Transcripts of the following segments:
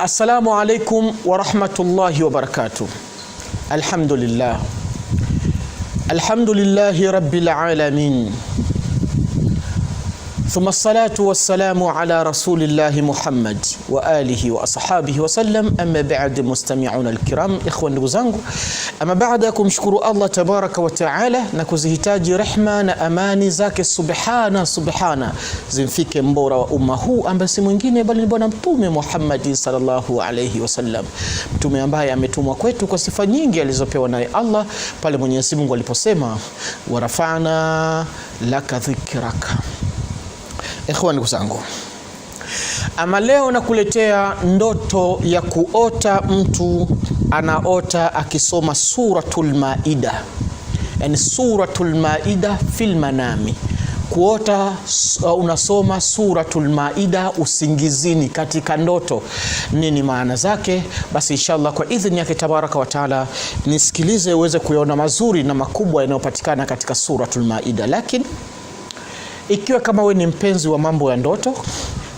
Assalamu alaikum warahmatullahi wabarakatuh. Alhamdulillah, alhamdulillahi rabbil alamin Thumma salatu wassalamu ala rasulillahi Muhammad wa alihi wa ashabihi wasallam, amma ba'd. Mustami'una alkiram, ikhwan, ndugu zangu, ama baada ya kumshukuru Allah tabaraka wa taala na kuzihitaji rehma na amani zake subhana subhana zimfike mbora wa umma huu ambaye si mwingine bali ni Bwana Mtume Muhammad sallallahu alayhi wasallam, mtume ambaye ametumwa kwetu kwa sifa nyingi alizopewa naye Allah pale Mwenyezi Mungu aliposema warafana laka dhikraka Ikhwani zangu, ama leo nakuletea ndoto ya kuota mtu anaota akisoma Suratul Maida, yani Suratul Maida fil manami kuota uh, unasoma Suratul Maida usingizini, katika ndoto. Nini maana zake? Basi inshallah kwa idhini yake tabaraka wa taala, nisikilize uweze kuyaona mazuri na makubwa yanayopatikana katika Suratul Maida, lakini ikiwa kama we ni mpenzi wa mambo ya ndoto,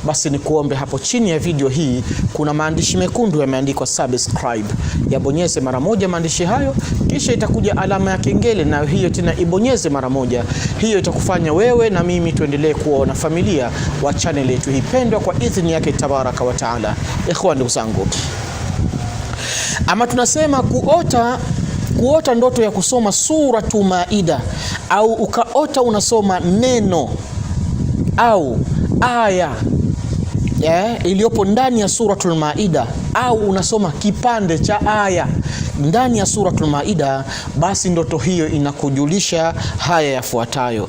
basi ni kuombe hapo chini ya video hii kuna maandishi mekundu yameandikwa subscribe, yabonyeze mara moja maandishi hayo, kisha itakuja alama ya kengele, nayo hiyo tena ibonyeze mara moja. Hiyo itakufanya wewe na mimi tuendelee kuwa wanafamilia wa channel yetu hii pendwa, kwa idhini yake tabaraka wa taala. Ikhwan, ndugu zangu, ama tunasema kuota kuota ndoto ya kusoma Suratu Maida au ukaota unasoma neno au aya yeah, iliyopo ndani ya Suratul Maida au unasoma kipande cha aya ndani ya Suratul Maida, basi ndoto hiyo inakujulisha haya yafuatayo.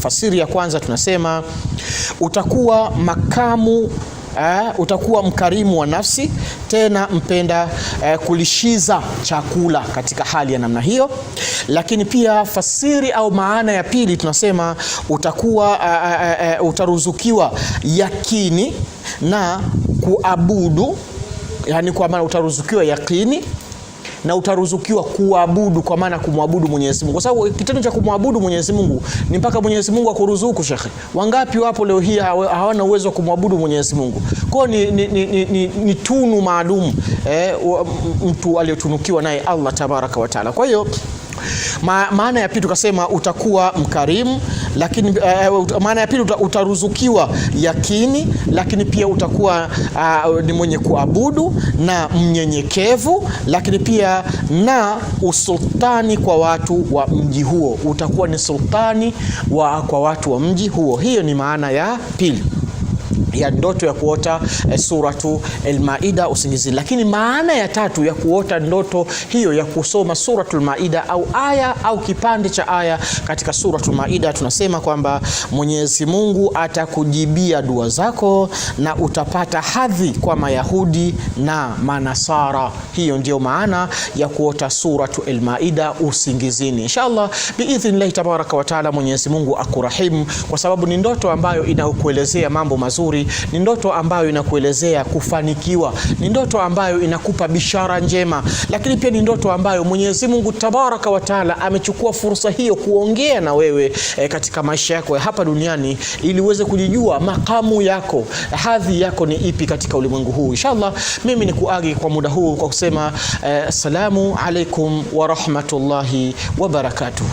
Fasiri ya kwanza tunasema utakuwa makamu Uh, utakuwa mkarimu wa nafsi, tena mpenda uh, kulishiza chakula katika hali ya namna hiyo. Lakini pia fasiri au maana ya pili tunasema utakuwa uh, uh, utaruzukiwa yakini na kuabudu, yani kwa maana utaruzukiwa yakini na utaruzukiwa kuabudu, kwa maana kumwabudu Mwenyezi Mungu, kwa sababu kitendo cha kumwabudu Mwenyezi Mungu ni mpaka Mwenyezi Mungu akuruzuku. Shekhe, wangapi wapo leo hii hawana uwezo wa kumwabudu Mwenyezi Mungu? Kwa ni, ni, ni, ni, ni, ni tunu maalum eh, mtu aliyotunukiwa naye Allah tabaraka wa taala. Kwa hiyo Ma, maana ya pili tukasema utakuwa mkarimu, lakini uh, maana ya pili utaruzukiwa yakini, lakini pia utakuwa uh, ni mwenye kuabudu na mnyenyekevu, lakini pia na usultani kwa watu wa mji huo, utakuwa ni sultani wa, kwa watu wa mji huo. Hiyo ni maana ya pili ya ndoto ya kuota eh, suratu Al-Maida usingizi. Lakini maana ya tatu ya kuota ndoto hiyo ya kusoma suratul Maida au aya au kipande cha aya katika suratul Maida, tunasema kwamba Mwenyezi Mungu atakujibia dua zako na utapata hadhi kwa Mayahudi na Manasara. Hiyo ndiyo maana ya kuota suratu Al-Maida usingizini. Inshallah biidhnillahi tabaraka wa taala, Mwenyezi Mungu akurahimu, kwa sababu ni ndoto ambayo inaokuelezea mambo mazuri mazuri, ni ndoto ambayo inakuelezea kufanikiwa, ni ndoto ambayo inakupa bishara njema, lakini pia ni ndoto ambayo Mwenyezi Mungu Tabaraka wa Taala amechukua fursa hiyo kuongea na wewe e, katika maisha yako ya hapa duniani ili uweze kujijua makamu yako, hadhi yako ni ipi katika ulimwengu huu. Inshallah, mimi ni kuagi kwa muda huu kwa kusema e, eh, salamu alaikum wa rahmatullahi wa barakatuh.